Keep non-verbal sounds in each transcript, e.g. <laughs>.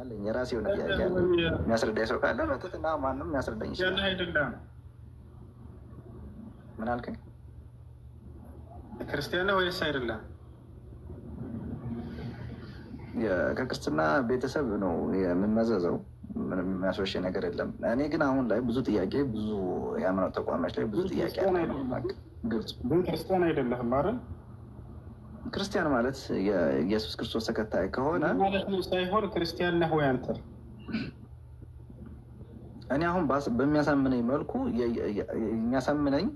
አለኝ። የራሴ የሆነ ጥያቄ አለ። የሚያስረዳኝ ሰው ካለ በትትና ማንም የሚያስረዳኝ ይችላል። ምን አልከኝ? ክርስቲያን ወይስ አይደለም? ከክርስትና ቤተሰብ ነው የምንመዘዘው። ምንም የሚያስወሽ ነገር የለም። እኔ ግን አሁን ላይ ብዙ ጥያቄ ብዙ የሃይማኖት ተቋማች ላይ ብዙ ጥያቄ አለ። ግልጽ ግን ክርስቲያን አይደለህም አይደል? ክርስቲያን ማለት የኢየሱስ ክርስቶስ ተከታይ ከሆነ ማለት ነው ሳይሆን ክርስቲያን ነህ ወይ አንተ? እኔ አሁን በሚያሳምነኝ መልኩ የሚያሳምነኝ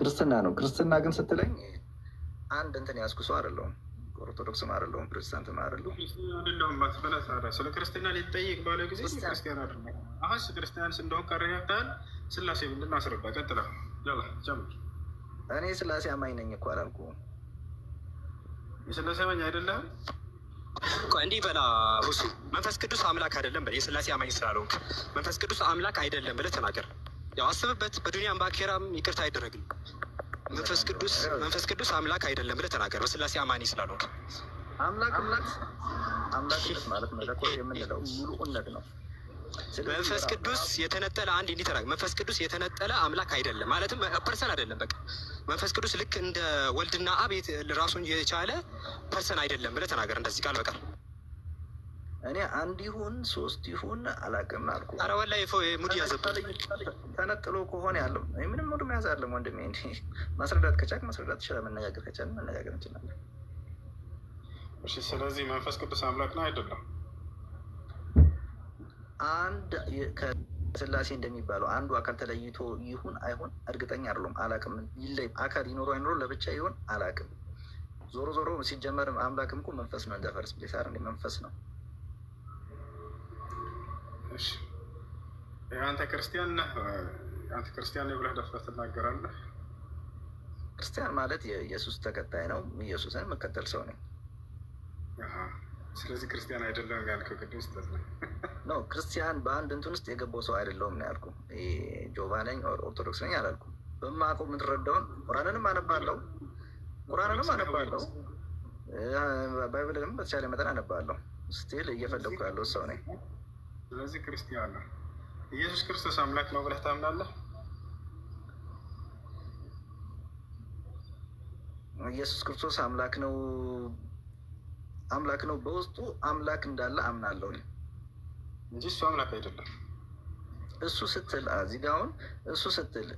ክርስትና ነው። ክርስትና ግን ስትለኝ አንድ እንትን ያዝኩ ሰው አይደለሁም፣ ኦርቶዶክስም አይደለሁም፣ ፕሮቴስታንትም አይደለሁም። ስለ ክርስትና ሊጠይቅ ባለ ጊዜ ክርስቲያን አድ አሁን ክርስቲያን እንደሆን ካረጋግጠሃል ስላሴ ብንድን አስረዳ። ቀጥላ እኔ ስላሴ አማኝ ነኝ እኮ አላልኩም የስላሴ አማኝ አይደለም እንዲህ በላ ሁሱ መንፈስ ቅዱስ አምላክ አይደለም በል። የስላሴ አማኝ ስላልሆንክ መንፈስ ቅዱስ አምላክ አይደለም ብለህ ተናገር። ያው አስብበት። በዱኒያም በአኬራም ይቅርታ አይደረግም። መንፈስ ቅዱስ መንፈስ ቅዱስ አምላክ አይደለም ብለህ ተናገር። በስላሴ አማኝ ስላልሆንክ አምላክ አምላክ ማለት መለኮት የምንለው ሙሉነት ነው። መንፈስ ቅዱስ የተነጠለ አንድ እንዲተራ መንፈስ ቅዱስ የተነጠለ አምላክ አይደለም ማለትም ፐርሰን አይደለም በቃ መንፈስ ቅዱስ ልክ እንደ ወልድና አብ ራሱን የቻለ ፐርሰን አይደለም ብለህ ተናገር። እንደዚህ ቃል በቃል እኔ አንድ ይሁን ሶስት ይሁን አላውቅም አልኩ። ኧረ ወላሂ ሙድ ያዘብህ ተነጥሎ ከሆነ ያለው ምንም ሙድ መያዝ አለም ወንድሜ። ማስረዳት ከቻልክ ማስረዳት ይችላል፣ መነጋገር ከቻልን መነጋገር እንችላለን። እሺ፣ ስለዚህ መንፈስ ቅዱስ አምላክ ነው አይደለም? አንድ ስላሴ እንደሚባለው አንዱ አካል ተለይቶ ይሁን አይሁን እርግጠኛ አይደለም፣ አላቅም። ይለይ አካል ይኖረው አይኖረው ለብቻ ይሁን አላቅም። ዞሮ ዞሮ ሲጀመር አምላክም እኮ መንፈስ ነው። እንደ ፈርስ ፕሌስ አይደል? መንፈስ ነው። አንተ ክርስቲያን ነህ? አንተ ክርስቲያን ብለህ ደፍረህ ትናገራለህ? ክርስቲያን ማለት የኢየሱስ ተከታይ ነው። ኢየሱስን የምከተል ሰው ነኝ። ስለዚህ ክርስቲያን አይደለም ያልከው ቅድም ስህተት ነው። ክርስቲያን በአንድ እንትን ውስጥ የገባው ሰው አይደለውም ነው ያልኩ። ጆባ ነኝ ኦርቶዶክስ ነኝ አላልኩ። በማውቀው የምትረዳውን ቁራንንም አነባለሁ ቁራንንም አነባለሁ ባይብልንም በተቻለ መጠን አነባለሁ። ስቲል እየፈለግኩ ያለው ሰው ነኝ። ስለዚህ ክርስቲያን ነው። ኢየሱስ ክርስቶስ አምላክ ነው ብለህ ታምናለህ? ኢየሱስ ክርስቶስ አምላክ ነው አምላክ ነው። በውስጡ አምላክ እንዳለ አምናለሁ እንጂ እሱ አምላክ አይደለም። እሱ ስትል እዚህ ጋር አሁን እሱ ስትል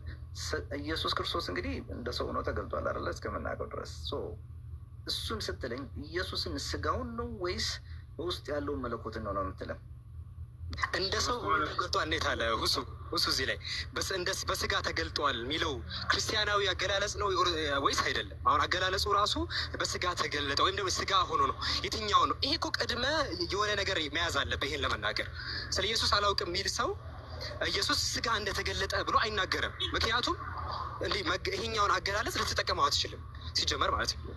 ኢየሱስ ክርስቶስ እንግዲህ እንደ ሰው ነው ተገልጧል አይደለ? እስከምናውቀው ድረስ እሱን ስትለኝ ኢየሱስን ስጋውን ነው ወይስ በውስጥ ያለውን መለኮትን ነው ነው የምትለም? እንደ ሰው ገብቷል። እንዴት አለ ሁሱ ሁሱ እዚህ ላይ በስጋ ተገልጧል የሚለው ክርስቲያናዊ አገላለጽ ነው ወይስ አይደለም? አሁን አገላለጹ ራሱ በስጋ ተገለጠ ወይም ደግሞ ስጋ ሆኖ ነው የትኛው ነው? ይሄ እኮ ቅድመ የሆነ ነገር መያዝ አለበት። ይሄን ለመናገር ስለ ኢየሱስ አላውቅም የሚል ሰው ኢየሱስ ስጋ እንደተገለጠ ብሎ አይናገርም። ምክንያቱም ይሄኛውን አገላለጽ ልትጠቀመው አትችልም ሲጀመር ማለት ነው።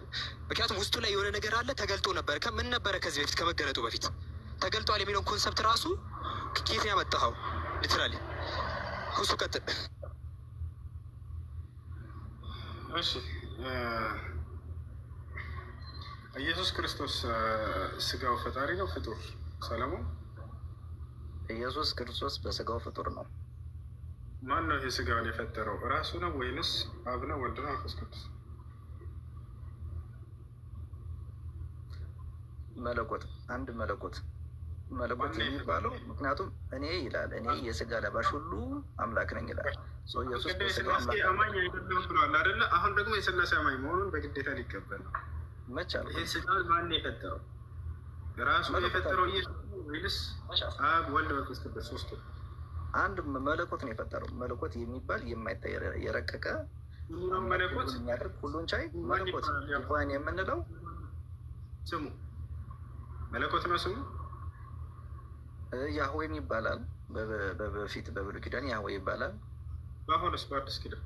ምክንያቱም ውስጡ ላይ የሆነ ነገር አለ። ተገልጦ ነበረ። ከምን ነበረ ከዚህ በፊት ከመገለጡ በፊት ተገልጧል የሚለውን ኮንሰፕት ራሱ ኬት ያመጣኸው ሊትራሊ እሱ ቀጥል። እሺ ኢየሱስ ክርስቶስ ስጋው ፈጣሪ ነው ፍጡር? ሰለሞን ኢየሱስ ክርስቶስ በስጋው ፍጡር ነው። ማን ነው ይህ ስጋውን የፈጠረው? እራሱ ነው ወይንስ አብ ነው ወልድ ነው መንፈስ ቅዱስ? መለኮት አንድ መለኮት መለኮት የሚባለው ምክንያቱም እኔ ይላል እኔ የስጋ ለባሽ ሁሉ አምላክ ነኝ ይላል። ኢየሱስ በስላሴ አማኝ አይደለም ብለዋል አደለ? አሁን ደግሞ የስላሴ አማኝ መሆኑን በግዴታ ሊቀበል ነው። መች ይህ ስጋ ማን የፈጠረው? ራሱ የፈጠረው ኢየሱስ ወይስ አብ ወልድ መንፈስ ቅዱስ ሶስቱ? አንድ መለኮት ነው የፈጠረው። መለኮት የሚባል የማይታይ የረቀቀ መለኮት የሚያደርግ ሁሉን ቻይ መለኮት ዲቫይን የምንለው ስሙ መለኮት ነው ስሙ ያህዌም ይባላል። በፊት በብሉ ኪዳን ያህዌ ይባላል። በአሁንስ በአዲስ ኪዳን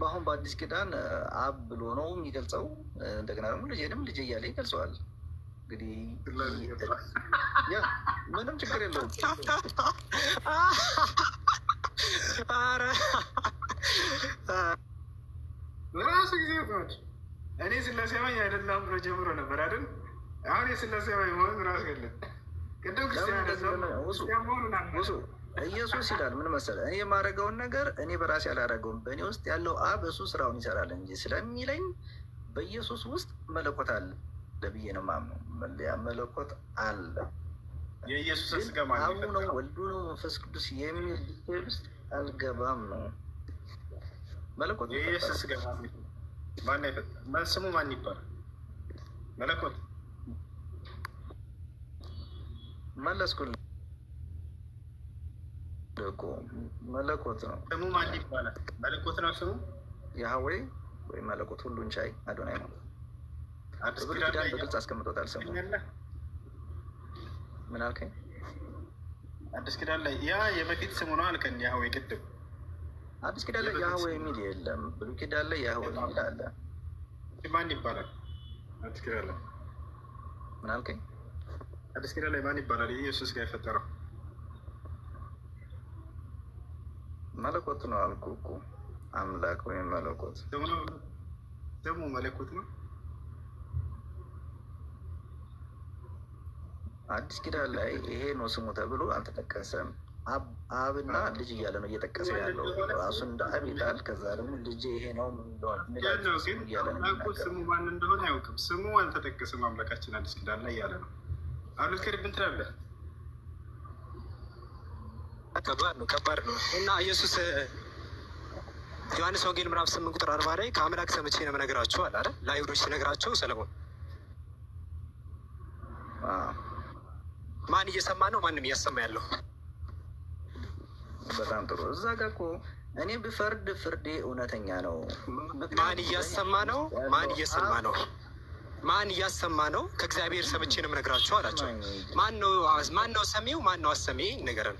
በአሁን በአዲስ ኪዳን አብ ብሎ ነው የሚገልጸው። እንደገና ደግሞ ልጄንም ልጄ እያለ ይገልጸዋል። እንግዲህ ምንም ችግር የለውም። ራሱ ጊዜ እኔ ስለሲያመኝ አይደለም ብሎ ጀምሮ ነበር አይደል አሁን የስላሴ ወይም ራሱ ቅድም ክርስቲያን ኢየሱስ ይላል ምን መሰለ እኔ የማደርገውን ነገር እኔ በራሴ አላደርገውም፣ በእኔ ውስጥ ያለው አብ እሱ ስራውን ይሰራል እንጂ ስለሚለኝ በኢየሱስ ውስጥ መለኮት አለ ለብዬ ነው የማምነው። መለኮት አለ አቡ ነው ወልዱ ነው መንፈስ ቅዱስ የሚል ውስጥ አልገባም ነው መለኮት ስሙ ማን ይባላል? መለኮት መለስኩልህ እኮ መለኮት ነው ስሙ። ማን ይባላል? መለኮት ነው ስሙ። የሀዌ ወይ መለኮት ሁሉን ቻይ አዶናይ ማለት ነው። ብሉይ ኪዳን በግልጽ አስቀምጦታል ስሙ። ምን አልከኝ? አዲስ ኪዳን ላይ ያ የበፊት ስሙ ነው አልከኝ። የሀዌ ቅድም አዲስ ኪዳን ላይ የሀዌ የሚል የለም። ብሉይ ኪዳን ላይ የሀዌ የሚል አለ። ማን ይባላል? አዲስ ኪዳን ላይ ምን አልከኝ? አዲስ ኪዳን ላይ ማን ይባላል? ኢየሱስ ጋር የፈጠረው መለኮት ነው አልኩ እኮ አምላክ ወይም መለኮት ደግሞ መለኮት ነው። አዲስ ኪዳን ላይ ይሄ ነው ስሙ ተብሎ አልተጠቀሰም። አብና ልጅ እያለ ነው እየጠቀሰ ያለው ራሱ እንደ አብ ይላል። ከዛ ደግሞ ልጅ ይሄ ነው ግን ስሙ ማን እንደሆነ አያውቅም። ስሙ አልተጠቀሰም። አምላካችን አዲስ ኪዳን ላይ ያለ ነው አብዱል ከሪም እንትን አለ ከባድ ነው ከባድ ነው። እና ኢየሱስ ዮሐንስ ወንጌል ምዕራፍ ስምንት ቁጥር አርባ ላይ ከአምላክ ሰምቼ ነው የምነግራቸው አለ አይደል? ለአይሁዶች ሲነግራቸው ሰለሞን ማን እየሰማ ነው? ማንም እያሰማ ያለው በጣም ጥሩ። እዛ ጋ እኮ እኔ ብፈርድ ፍርዴ እውነተኛ ነው። ማን እያሰማ ነው? ማን እየሰማ ነው? ማን እያሰማ ነው? ከእግዚአብሔር ሰምቼ ነው የምነግራቸው አላቸው። ማን ነው ሰሚው? ማን ነው አሰሚ? ንገረን።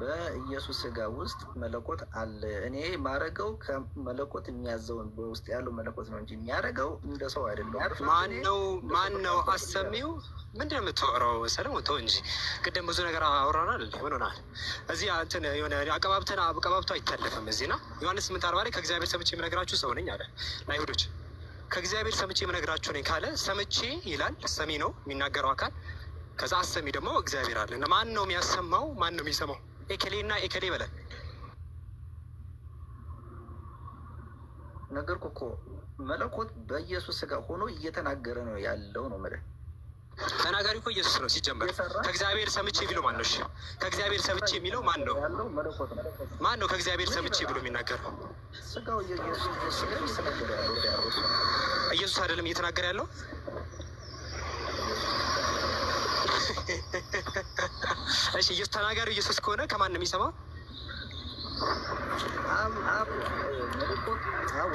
በኢየሱስ ስጋ ውስጥ መለኮት አለ። እኔ ማረገው ከመለኮት የሚያዘውን በውስጥ ያለው መለኮት ነው እንጂ የሚያደረገው እንደ ሰው አይደለም። ማን ነው አሰሚው? ምንድን ነው የምታወራው? ሰለሞን ተው እንጂ ቅድም ብዙ ነገር አውራናል። ምን ሆናል? እዚህ እንትን የሆነ አቀባብተን አቀባብቶ አይታለፍም። እዚህ ና ዮሐንስ ስምንት አርባ ላይ ከእግዚአብሔር ሰምቼ የምነግራችሁ ሰው ነኝ አለ ለአይሁዶች ከእግዚአብሔር ሰምቼ የምነግራችሁ ነኝ ካለ ሰምቼ ይላል። ሰሚ ነው የሚናገረው አካል። ከዛ አሰሚ ደግሞ እግዚአብሔር አለ። ማን ነው የሚያሰማው? ማን ነው የሚሰማው? ኤከሌ እና ኤከሌ በለን ነገርኩ እኮ መለኮት በኢየሱስ ስጋ ሆኖ እየተናገረ ነው ያለው ነው የምልህ ተናጋሪ እኮ ኢየሱስ ነው። ሲጀመር ከእግዚአብሔር ሰምቼ ቢለው ማን ነው? ከእግዚአብሔር ሰምቼ የሚለው ማን ነው? ማን ነው ከእግዚአብሔር ሰምቼ ብሎ የሚናገረው? ኢየሱስ አይደለም እየተናገረ ያለው <laughs> እሺ። ኢየሱስ ተናጋሪው ኢየሱስ ከሆነ ከማን ነው የሚሰማው? አብ አብ መለኮት ከአብ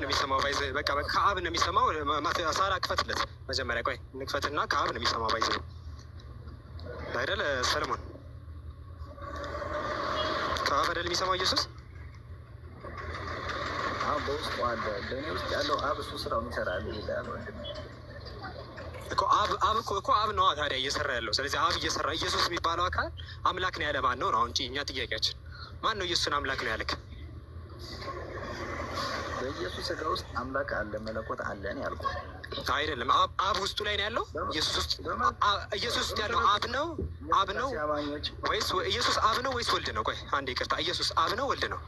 ነው የሚሰማው። ባይዘ በቃ ከአብ ነው የሚሰማው። ሳራ ክፈትለት መጀመሪያ። ቆይ ንክፈትና ከአብ ነው የሚሰማው። ባይዘ አይደል ሰለሞን? ከአብ አይደል የሚሰማው ኢየሱስ በውስጡ አለ። በእኔ ውስጥ ያለው አብ እሱ ስራውን ይሰራል ይላል ወንድም አብ እኮ አብ ነዋ ታዲያ እየሰራ ያለው። ስለዚህ አብ እየሰራ ኢየሱስ የሚባለው አካል አምላክ ነው ያለ ማን ነው ነው? አሁን እኛ ጥያቄያችን ማን ነው ኢየሱስን አምላክ ነው ያልክ? በኢየሱስ እግር ውስጥ አምላክ አለ መለኮት አለ ነው ያልኩህ አይደለም። አብ ውስጡ ላይ ነው ያለው። ኢየሱስ ውስጥ ያለው አብ ነው አብ ነው ወይስ ኢየሱስ አብ ነው ወይስ ወልድ ነው? ቆይ አንድ ይቅርታ፣ ኢየሱስ አብ ነው ወልድ ነው?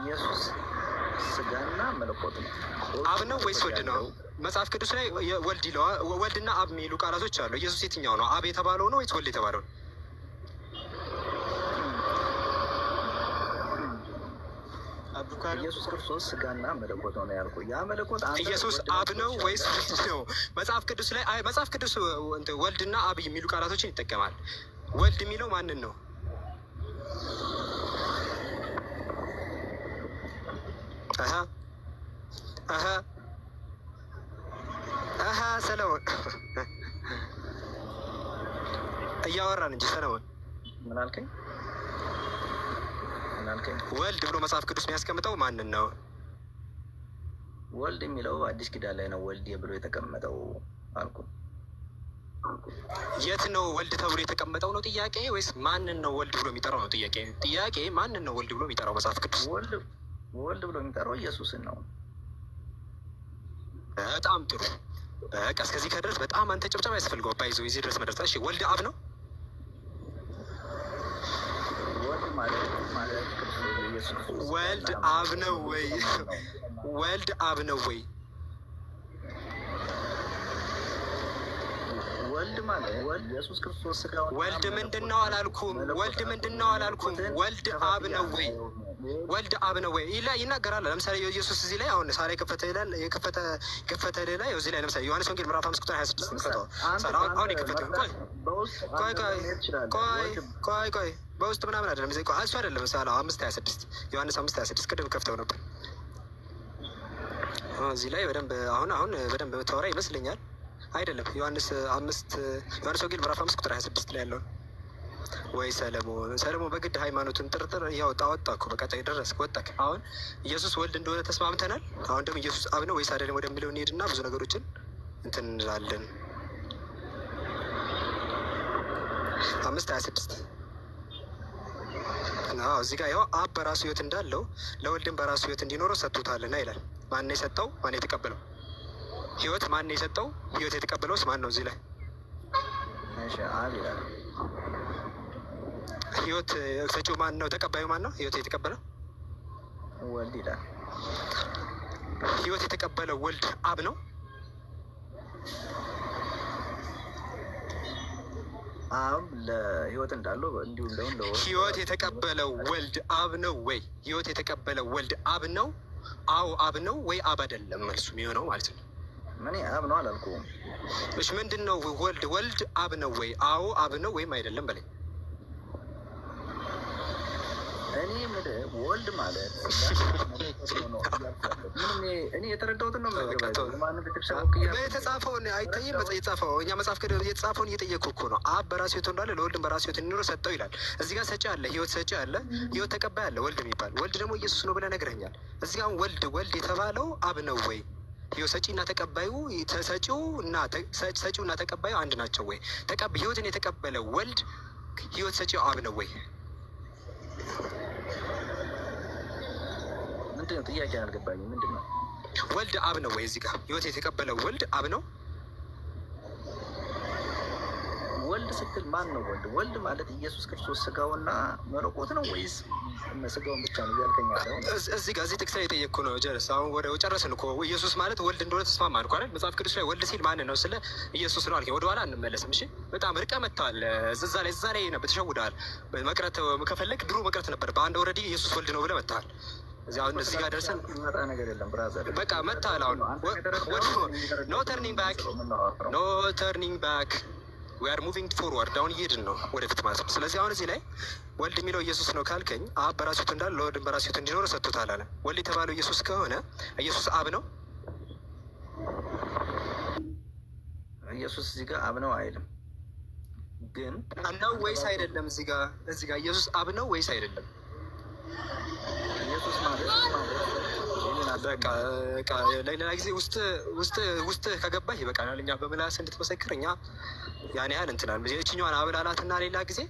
ኢየሱስ ስጋና መለኮት ነው። አብ ነው ወይስ ወልድ ነው? መጽሐፍ ቅዱስ ላይ ወልድ ይለዋል። ወልድና አብ የሚሉ ቃላቶች አሉ። ኢየሱስ የትኛው ነው? አብ የተባለው ነው ወይስ ወልድ የተባለው ነው? ኢየሱስ ክርስቶስ ስጋና መለኮት ነው ያ መለኮት ኢየሱስ አብ ነው ወይስ ወልድ ነው? መጽሐፍ ቅዱስ ላይ መጽሐፍ ቅዱስ ወልድና አብ የሚሉ ቃላቶችን ይጠቀማል። ወልድ የሚለው ማንን ነው? ሰለሞን እያወራን እንጂ ሰለሞን ምን አልከኝ? ወልድ ብሎ መጽሐፍ ቅዱስ የሚያስቀምጠው ማንን ነው? ወልድ የሚለው አዲስ ኪዳን ላይ ነው ወልድ ብሎ የተቀመጠው አልኩ። የት ነው ወልድ ተብሎ የተቀመጠው ነው ጥያቄ፣ ወይስ ማንን ነው ወልድ ብሎ የሚጠራው ነው ጥያቄ? ጥያቄ ማንን ነው ወልድ ብሎ የሚጠራው መጽሐፍ ቅዱስ ወልድ ብሎ የሚጠራው ኢየሱስን ነው። በጣም ጥሩ። በቃ እስከዚህ ከድረስ በጣም አንተ ጨብጨባ ያስፈልገው ባይዘው ይዞ የዚህ ድረስ መድረስ። እሺ ወልድ አብ ነው። ወልድ አብ ነው ወይ? ወልድ አብ ነው ወይ? ወልድ ምንድን ነው አላልኩም። ወልድ ምንድን ነው አላልኩም። ወልድ አብ ነው ወይ? ወልድ አብ ነው ወይ ይላ ይናገራል። ለምሳሌ ኢየሱስ እዚህ ላይ አሁን ሳራ የከፈተ ይላል የከፈተ ከፈተ ላይ እዚህ ላይ ለምሳሌ ዮሐንስ ወንጌል ምዕራፍ አምስት ቁጥር ሀያ ስድስት ከፈተው አሁን የከፈተው ቆይ ቆይ ቆይ ቆይ ቆይ በውስጥ ምናምን አይደለም እዚህ እሱ አይደለም ምሳሌ አምስት ሀያ ስድስት ዮሐንስ አምስት ሀያ ስድስት ቅድም ከፍተው ነበር። እዚህ ላይ በደንብ አሁን አሁን በደንብ የምታወራ ይመስለኛል። አይደለም ዮሐንስ አምስት ዮሐንስ ወንጌል ምዕራፍ አምስት ቁጥር ሀያ ስድስት ላይ ያለውን ወይ ሰለሞን ሰለሞን በግድ ሃይማኖትን ጥርጥር ያው ጣወጣ እኮ በቃ ደረስክ ወጣክ። አሁን ኢየሱስ ወልድ እንደሆነ ተስማምተናል። አሁን ደግሞ ኢየሱስ አብ ነው ወይስ አይደለም ወደሚለው እንሄድና ብዙ ነገሮችን እንትን እንላለን። አምስት ሀያ ስድስት እዚህ ጋር ያው አብ በራሱ ህይወት እንዳለው ለወልድም በራሱ ህይወት እንዲኖረው ሰጥቶታልና ይላል። ማን ነው የሰጠው? ማን የተቀበለው? ህይወት ማን ነው የሰጠው? ህይወት? የተቀበለውስ ማን ነው? እዚህ ላይ ህይወት ሰጪው ማን ነው? ተቀባዩ ማን ነው? ህይወት የተቀበለው ወልድ ይላል። ህይወት የተቀበለው ወልድ አብ ነው። አብ ለህይወት እንዳለው እንዲሁም ደግሞ ህይወት የተቀበለው ወልድ አብ ነው ወይ? ህይወት የተቀበለው ወልድ አብ ነው። አዎ አብ ነው ወይ? አብ አይደለም መልሱ የሚሆነው ማለት ነው። ምን አብ ነው አላልኩም። እሺ ምንድን ነው ወልድ? ወልድ አብ ነው ወይ? አዎ አብ ነው ወይም አይደለም በላይ እኔ ወልድ ማለት እኔ የተረዳሁትን ነው። የተጻፈውን አይታይም። የተጻፈው እኛ መጽሐፍ ቅዱስ የተጻፈውን እየጠየቅኩ እኮ ነው። አብ በራሱ ሕይወት እንዳለ ለወልድም በራሱ ሕይወት እንዲኖር ሰጠው ይላል። እዚህ ጋር ሰጪ አለ፣ ሕይወት ሰጪ አለ፣ ሕይወት ተቀባይ አለ፣ ወልድ የሚባል ወልድ ደግሞ ኢየሱስ ነው ብለህ ነግረኛል። እዚህ ጋር ወልድ ወልድ የተባለው አብ ነው ወይ? ህይወት ሰጪ እና ተቀባዩ ሰጪው እና ተቀባዩ አንድ ናቸው ወይ? ህይወትን የተቀበለ ወልድ ህይወት ሰጪው አብ ነው ወይ? ምንድን ነው ጥያቄ አልገባኝ። ምንድን ነው ወልድ አብ ነው ወይ? እዚህ ጋር ህይወት የተቀበለው ወልድ አብ ነው። ወልድ ስትል ማን ነው ወልድ? ወልድ ማለት ኢየሱስ ክርስቶስ ስጋውና መረቆት ነው ወይስ ስጋውን ብቻ ነው እያልከኝ እዚህ ጋር እዚህ ጥቅስ ላይ የጠየቅኩ ነው ጀረስ። አሁን ወደ ጨረስን እኮ ኢየሱስ ማለት ወልድ እንደሆነ ተስማማን እኮ አይደል? መጽሐፍ ቅዱስ ላይ ወልድ ሲል ማንን ነው? ስለ ኢየሱስ ነው አልከኝ። ወደኋላ እንመለስም። እሺ፣ በጣም ርቀ መጥተዋል። እዛ ላይ እዛ ላይ ነበር ተሸውደሃል። መቅረት ከፈለግ ድሮ መቅረት ነበር። በአንድ ወረዲ ኢየሱስ ወልድ ነው ብለህ መጥተሃል። እዚህ ጋር ደርሰን በቃ መታል። አሁን ኖ ተርኒንግ ባክ፣ ኖ ተርኒንግ ባክ ዊ አር ሙቪንግ ፎርዋርድ። አሁን እየሄድን ነው ወደፊት ማለት ነው። ስለዚህ አሁን እዚህ ላይ ወልድ የሚለው ኢየሱስ ነው ካልከኝ፣ አብ በራሱ ሕይወት እንዳለ ለወልድ በራሱ ሕይወት እንዲኖር ሰጥቶታል አለ። ወልድ የተባለው ኢየሱስ ከሆነ ኢየሱስ አብ ነው። ኢየሱስ እዚህ ጋር አብ ነው አይልም ግን ነው ወይስ አይደለም? እዚህ ጋር እዚህ ጋር ኢየሱስ አብ ነው ወይስ አይደለም? ለሌላ ጊዜ ውስጥ ውስጥ ውስጥ ከገባህ ይበቃናል። እኛ በምላስ እንድትመሰክር እኛ ያን ያህል እንትናል። የችኛዋን እና ሌላ ጊዜ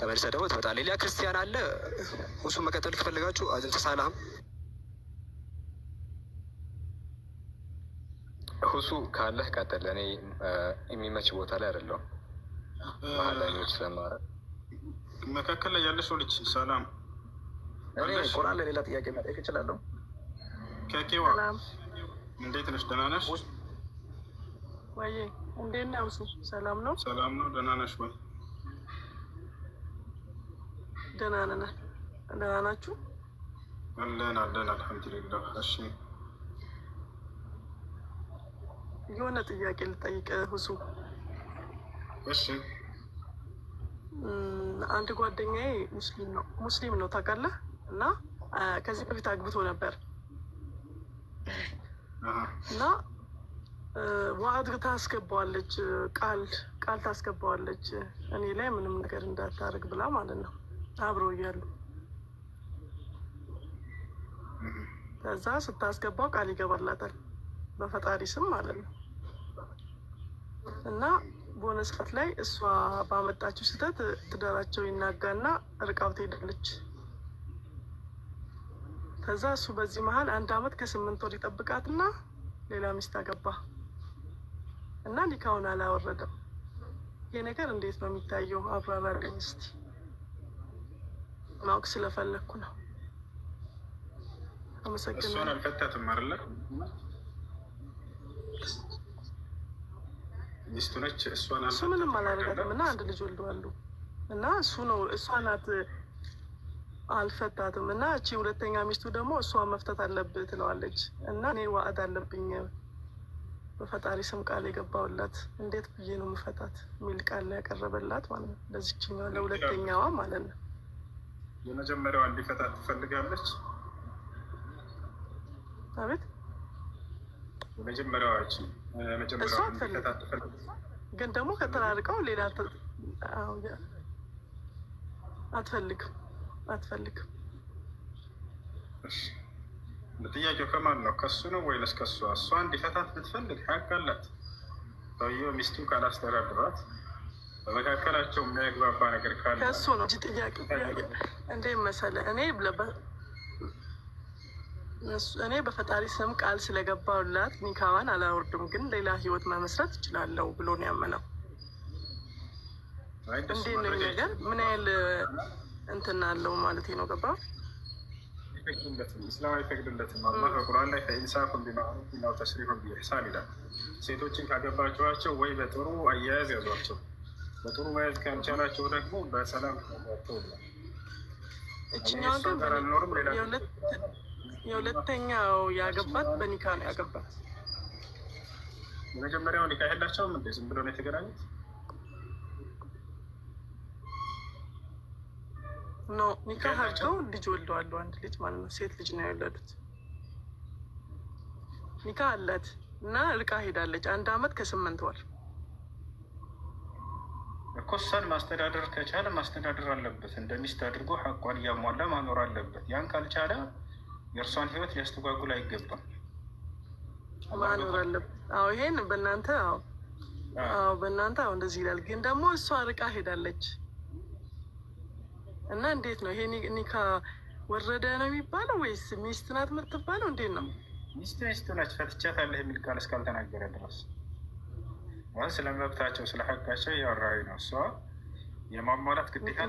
ተመልሰ ደግሞ ትመጣለህ። ሌላ ክርስቲያን አለ። እሱ መቀጠል ከፈለጋችሁ ተሳላም ሁሱ ካለህ ቀጠል። እኔ የሚመች ቦታ ላይ አይደለሁም። ባህላኞች ስለማረ መካከል ላይ ያለ ሰው ልጅ ሰላም እኔ ቁርአን ለሌላ ጥያቄ መጠየቅ እችላለሁ? ከኬዋ እንዴት ነሽ? ደህና ነሽ ወይ? እንዴት ነው? ሰላም ነው? ሰላም ነው። ደህና ነሽ ወይ? ደህና ነን። ደህና ናችሁ? አለን አለን። አልሐምዱሊላህ። እሺ የሆነ ጥያቄ ልጠይቅ ሁሱ። እሺ አንድ ጓደኛዬ ሙስሊም ነው ሙስሊም ነው ታውቃለህ እና ከዚህ በፊት አግብቶ ነበር እና ዋዕድ ታስገባዋለች፣ ቃል ቃል ታስገባዋለች እኔ ላይ ምንም ነገር እንዳታደርግ ብላ ማለት ነው አብሮ እያሉ ከዛ ስታስገባው ቃል ይገባላታል በፈጣሪ ስም ማለት ነው። እና በሆነ ሰዓት ላይ እሷ ባመጣችው ስህተት ትዳራቸው ይናጋና ርቃው ትሄዳለች። ከዛ እሱ በዚህ መሀል አንድ አመት ከስምንት ወር ይጠብቃትና ሌላ ሚስት አገባ እና ኒካውን አላወረደም። ይህ ነገር እንዴት ነው የሚታየው? አብራራልኝ እስቲ። ማወቅ ስለፈለግኩ ነው። አመሰግናለሁ። አልፈታትም አይደለ? ሚስቱ ነች። እሷን እሱ ምንም አላደረጋትም እና አንድ ልጅ ወልደዋሉ እና እሱ ነው እሷ ናት አልፈታትም እና እቺ ሁለተኛ ሚስቱ ደግሞ እሷ መፍታት አለብህ ትለዋለች እና እኔ ዋዕድ አለብኝ በፈጣሪ ስም ቃል የገባውላት እንዴት ብዬ ነው መፈታት የሚል ቃል ነው ያቀረበላት ማለት ነው። ለዚችኛ ለሁለተኛዋ ማለት ነው። የመጀመሪያዋ እንዲፈታት ትፈልጋለች። አቤት የመጀመሪያዋ እሷ ግን ደግሞ ከተራርቀው ሌላ አትፈልግም አትፈልግም። ጥያቄው ከማን ነው? ከሱ ነው ወይንስ ከሱ? እሷ እንዲፈታት ብትፈልግ ሀቅ አላት። ሰውየው ሚስቱን ካላስተዳድራት በመካከላቸው የሚያግባባ ነገር ካለ ከሱ ነው እንጂ ጥያቄ እንዴ መሰለ እኔ እኔ በፈጣሪ ስም ቃል ስለገባላት ኒካዋን አላወርድም፣ ግን ሌላ ህይወት መመስረት እችላለሁ ብሎ ነው ያመነው። እንዴ ነው ነገር ምን ያህል እንትን አለው ማለት ነው። ገባ ኢስላም አይፈቅድለትም። አላህ በቁርአን ላይ ፈኢንሳኩም ቢማዕሩፍ ነው ተስሪሑን ቢኢሕሳን ይላል። ሴቶችን ካገባችኋቸው ወይ በጥሩ አያያዝ ያዟቸው፣ በጥሩ መያዝ ካልቻላቸው ደግሞ በሰላም ያዟቸው የሁለተኛው ያገባት በኒካ ነው ያገባት። የመጀመሪያው ኒካ የላቸውም እንዴ? ዝም ብለው ነው የተገናኙት ኖ ኒካሃቸው ልጅ ወልደዋሉ። አንድ ልጅ ማለት ነው። ሴት ልጅ ነው የወለዱት። ኒካ አላት እና እርቃ ሄዳለች። አንድ አመት ከስምንት ወር እኮ እሷን ማስተዳደር ከቻለ ማስተዳደር አለበት። እንደሚስት አድርጎ ሀቋን እያሟላ ማኖር አለበት። ያን ካልቻለ የእርሷን ህይወት ሊያስተጓጉል አይገባም። ማኖር አለበት። አዎ ይሄን በእናንተ አዎ፣ በእናንተ አዎ፣ እንደዚህ ይላል። ግን ደግሞ እሷ ርቃ ሄዳለች እና እንዴት ነው ይሄ ኒካ ወረደ ነው የሚባለው ወይስ ሚስት ናት የምትባለው? እንዴት ነው ሚስት ሚስቱ ነች። ፈትቻታለሁ የሚል ቃል እስካልተናገረ ድረስ ማለት ስለ መብታቸው ስለ ሐቃቸው ያወራዊ ነው። እሷ የማሟላት ግዴታ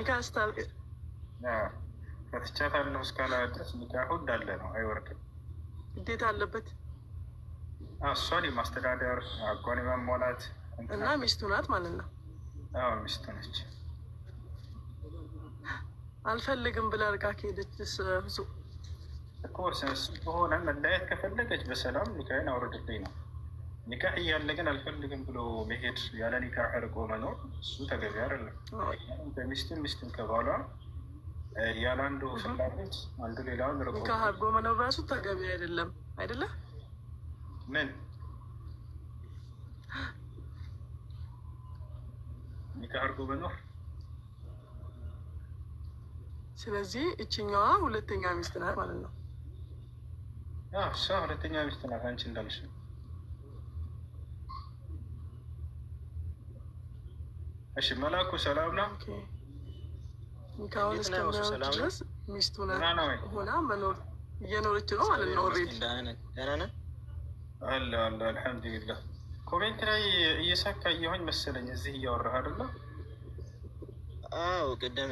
ፈትቻታለሁ እስካለ ድረስ ኒካሁ እንዳለ ነው፣ አይወርድም። ግዴታ አለበት እሷን የማስተዳደር አቋን የማሟላት እና ሚስቱ ናት ማለት ነው። ሚስቱ ነች። አልፈልግም ብላ እርቃ ከሄደች ብዙ ኮርስ በሆነ መለያየት ከፈለገች በሰላም ኒካይን አውረድልኝ ነው። ኒካህ እያለ ግን አልፈልግም ብሎ መሄድ ያለ ኒካህ ርቆ መኖር እሱ ተገቢ አይደለም። በሚስትም ሚስትም ከባሏ ያለ አንዱ ፍላጎት አንዱ ሌላውን ርቆ ኒካህ ርቆ መኖር ራሱ ተገቢ አይደለም። አይደለ ምን ኒካህ ርቆ መኖር ስለዚህ እችኛዋ ሁለተኛ ሚስት ናት ማለት ነው። እሷ ሁለተኛ ሚስት ናት። አንቺ እንዳልሽ እሺ። መላኩ ሰላም ነው። ሚካኤል እስከሚያወጡ ድረስ ሚስቱ ሆና መኖር እየኖረች ነው ማለት ነው። ኦልሬዲ አለ አለ። አልሐምዱሊላህ ኮሜንት ላይ እየሳካ እየሆኝ መሰለኝ እዚህ እያወራህ አይደለ? አዎ ቅድም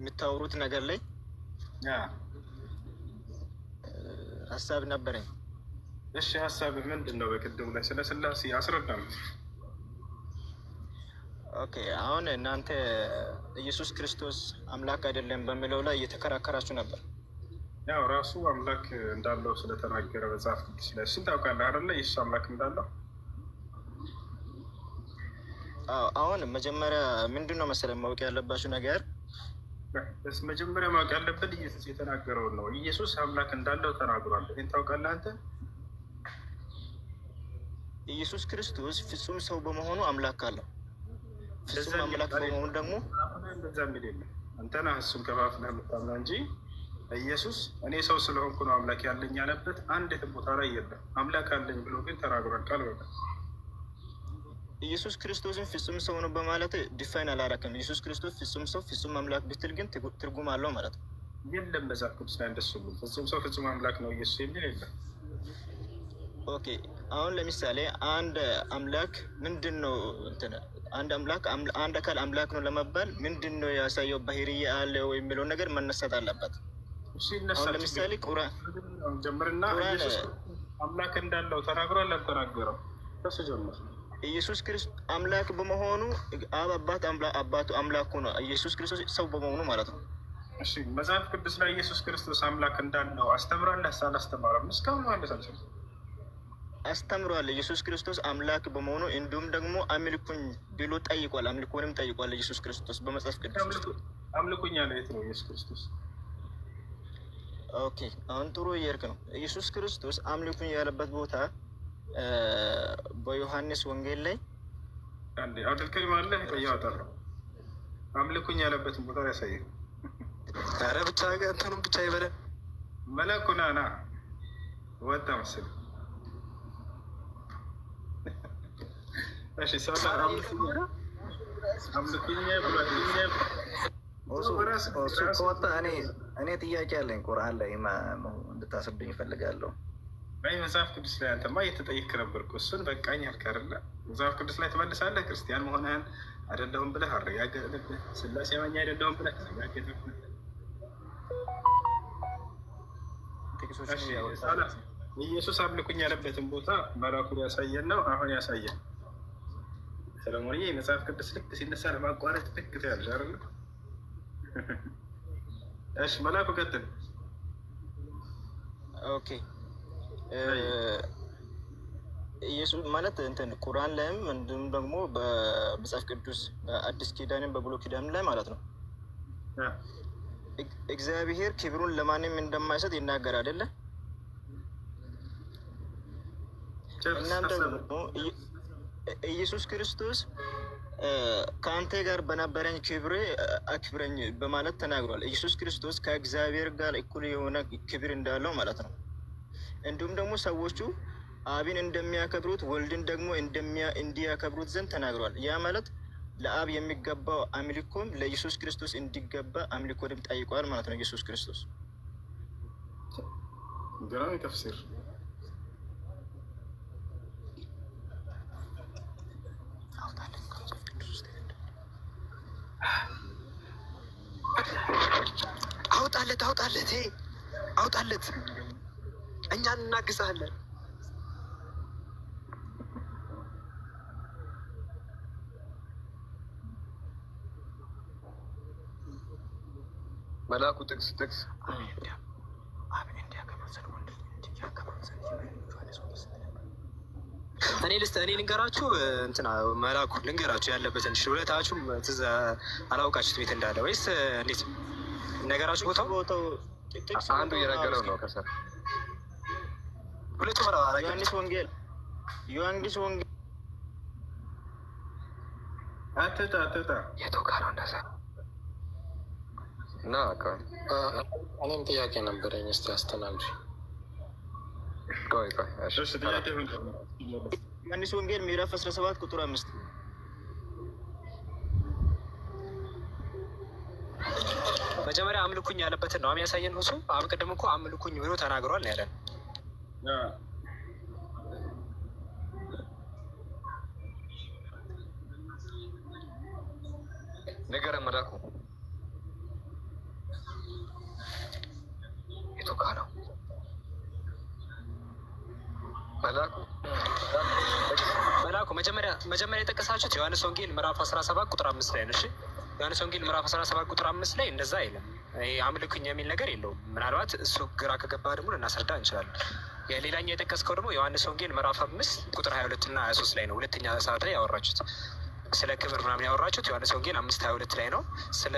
የምታወሩት ነገር ላይ ሀሳብ ነበረኝ። እሺ ሀሳብ ምንድን ነው? በቅድሙ ላይ ስለ ስላሴ አስረዳም። ኦኬ አሁን እናንተ ኢየሱስ ክርስቶስ አምላክ አይደለም በሚለው ላይ እየተከራከራችሁ ነበር። ያው ራሱ አምላክ እንዳለው ስለተናገረ መጽሐፍ ቅዱስ ላይ እሱን ታውቃለህ አይደለ? ኢየሱስ አምላክ እንዳለው። አሁን መጀመሪያ ምንድን ነው መሰለህ ማወቅ ያለባችሁ ነገር መጀመሪያ ማወቅ ያለበት ኢየሱስ የተናገረውን ነው። ኢየሱስ አምላክ እንዳለው ተናግሯል። ይህን ታውቃለህ አንተ? ኢየሱስ ክርስቶስ ፍጹም ሰው በመሆኑ አምላክ አለው። ፍጹም አምላክ በመሆኑ ደግሞ እንደዛ የሚል የለም። አንተ ነህ እሱን ከፋፍለህ የምታምነው እንጂ ኢየሱስ እኔ ሰው ስለሆንኩ ነው አምላክ ያለኝ ያለበት አንድ ቦታ ላይ የለም። አምላክ አለኝ ብሎ ግን ተናግሯል ቃል በቃል ኢየሱስ ክርስቶስን ፍጹም ሰው ነው በማለት ዲፋይን አላረክም። ኢየሱስ ክርስቶስ ፍጹም ሰው ፍጹም አምላክ ብትል ግን ትርጉም አለው ማለት ነው። የለም በዛፍ ቅዱስ ላይ እንደሱ ፍጹም ሰው ፍጹም አምላክ ነው ኢየሱስ የሚል የለም። ኦኬ አሁን ለምሳሌ አንድ አምላክ ምንድን ነው እንትን አንድ አምላክ አንድ አካል አምላክ ነው ለመባል ምንድን ነው ያሳየው ባህሪ አለ ወይ የሚለው ነገር መነሳት አለበት። አሁን ለምሳሌ ቁርአን ጀምርና አምላክ እንዳለው ተናግሮ አልተናገረም? ከሱ ጀምር ኢየሱስ ክርስቶስ አምላክ በመሆኑ አብ አባት አባቱ አምላኩ ነው። ኢየሱስ ክርስቶስ ሰው በመሆኑ ማለት ነው። እሺ መጽሐፍ ቅዱስ ላይ ኢየሱስ ክርስቶስ አምላክ አስተምራል አስተምራለህ? አላስተማረም? እስካሁን ማለት አስተምሯል። ኢየሱስ ክርስቶስ አምላክ በመሆኑ እንዲሁም ደግሞ አምልኩኝ ብሎ ጠይቋል። አምልኮንም ጠይቋል ኢየሱስ ክርስቶስ በመጽሐፍ ቅዱስ አምልኩኛ ነው። የት ነው ኢየሱስ ክርስቶስ? ኦኬ አሁን ጥሩ እየሄድክ ነው። ኢየሱስ ክርስቶስ አምልኩኝ ያለበት ቦታ በዮሐንስ ወንጌል ላይ አብደልከሪም አለ እያወጣለሁ አምልኩኝ ያለበትን ቦታ ያሳየ። ኧረ ብቻ እንትኑ ብቻ ይበለ መለኩ ና ወጣ መስል እሱ ከወጣ እኔ ጥያቄ አለኝ። ቁርአን ላይ እንድታስብኝ ይፈልጋለሁ። በይ መጽሐፍ ቅዱስ ላይ አንተማ እየተጠየክ ነበር እኮ እሱን በቃኝ አልክ መጽሐፍ ቅዱስ ላይ ትመልሳለህ። ክርስቲያን መሆንህን አይደለሁም ብለህ አረጋገጥልህ። ስላሴ አማኝ አይደለሁም ብለህ አረጋገጥልህ። ኢየሱስ አምልኩኝ ያለበትን ቦታ መላኩን ያሳየን ነው አሁን ያሳየን። ሰለሞንዬ መጽሐፍ ቅዱስ ልክ ሲነሳ ለማቋረጥ ልክ ትያለሽ አይደለ? እሺ መላኩ ቀጥል። ኦኬ ኢየሱስ ማለት እንትን ቁርአን ላይም እንዲሁም ደግሞ በመጽሐፍ ቅዱስ በአዲስ ኪዳንም በብሎ ኪዳንም ላይ ማለት ነው እግዚአብሔር ክብሩን ለማንም እንደማይሰጥ ይናገር አይደለ? እናም ደግሞ ኢየሱስ ክርስቶስ ከአንተ ጋር በነበረኝ ክብር አክብረኝ በማለት ተናግሯል። ኢየሱስ ክርስቶስ ከእግዚአብሔር ጋር እኩል የሆነ ክብር እንዳለው ማለት ነው። እንዲሁም ደግሞ ሰዎቹ አብን እንደሚያከብሩት ወልድን ደግሞ እንዲያከብሩት ዘንድ ተናግረዋል። ያ ማለት ለአብ የሚገባው አምልኮም ለኢየሱስ ክርስቶስ እንዲገባ አምልኮ ድም ጠይቋል ማለት ነው። ኢየሱስ ክርስቶስ ግራዊ ተፍሲር አውጣለት አውጣለት አውጣለት እኛ እናግዛለን። መላኩ ጥቅስ ጥቅስ እኔ ልስ እኔ ልንገራችሁ እንትና መላኩ ልንገራችሁ ያለበትን ሁለታችሁም ትዝ አላውቃችሁት ቤት እንዳለ ወይስ እንዴት ነገራችሁ? ቦታው አንዱ እየነገረው ነው ከሰር ሁለቱ ምዕራፍ ዮሐንስ ወንጌል ዮሐንስ ወንጌል አትጣ አትጣ የቱ ጋር ነው እንደዛ ና እኔም ጥያቄ ነበረኝ። እስቲ አስተናግድ። ዮሐንስ ወንጌል ምዕራፍ አስራ ሰባት ቁጥር አምስት መጀመሪያ አምልኩኝ ያለበትን ነው የሚያሳየን። እሱ አብ ቅድም እኮ አምልኩኝ ብሎ ተናግሯል ያለን ነገረ መላኩ የቱ ጋ ነው መላኩ? መላኩ መጀመሪያ የጠቀሳችሁት ዮሐንስ ወንጌል ምዕራፍ 17 ቁጥር አምስት ላይ ነው። ዮሐንስ ወንጌል ምዕራፍ 17 ቁጥር አምስት ላይ እንደዛ አይልም። አምልኩኝ የሚል ነገር የለውም። ምናልባት እሱ ግራ ከገባ ደግሞ ልናስረዳ እንችላለን። ሌላኛው የጠቀስከው ደግሞ ዮሐንስ ወንጌል ምዕራፍ አምስት ቁጥር ሀያ ሁለት እና ሀያ ሶስት ላይ ነው። ሁለተኛ ሰዓት ላይ ያወራችሁት ስለ ክብር ምናምን ያወራችሁት ዮሐንስ ወንጌል አምስት ሀያ ሁለት ላይ ነው። ስለ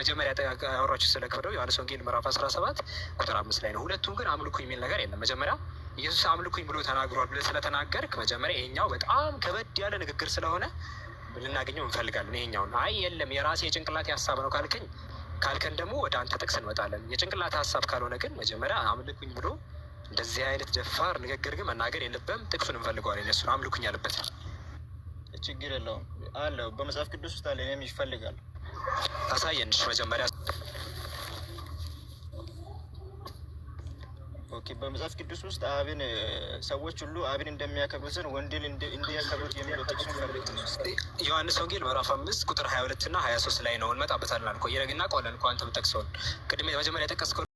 መጀመሪያ ያወራችሁት ስለ ክብር ደግሞ ዮሐንስ ወንጌል ምዕራፍ አስራ ሰባት ቁጥር አምስት ላይ ነው። ሁለቱም ግን አምልኩ የሚል ነገር የለም። መጀመሪያ ኢየሱስ አምልኩኝ ብሎ ተናግሯል ብለህ ስለተናገርክ መጀመሪያ ይሄኛው በጣም ከበድ ያለ ንግግር ስለሆነ ልናገኘው እንፈልጋለን። ይሄኛውን አይ የለም የራሴ የጭንቅላት ሀሳብ ነው ካልከኝ ካልከን ደግሞ ወደ አንተ ጥቅስ እንመጣለን። የጭንቅላት ሀሳብ ካልሆነ ግን መጀመሪያ አምልኩኝ ብሎ እንደዚህ አይነት ደፋር ንግግር ግን መናገር የለብም። ጥቅሱን እንፈልገዋለን። እሱን አምልኩኝ ያለበት ችግር የለውም አለው በመጽሐፍ ቅዱስ ውስጥ አለ። እኔም ይፈልጋል አሳየን። እሺ መጀመሪያ በመጽሐፍ ቅዱስ ውስጥ አብን ሰዎች ሁሉ አብን እንደሚያከብሩትን ወንድን እንዲያከብሩት የሚለው ጥቅሱ ዮሐንስ ወንጌል ምዕራፍ አምስት ቁጥር ሀያ ሁለት እና ሀያ ሶስት ላይ ነው። እንመጣበታለን። ቆየረግና ቆለን እኮ አንተ ብጠቅሰውን ቅድሜ መጀመሪያ የጠቀስከው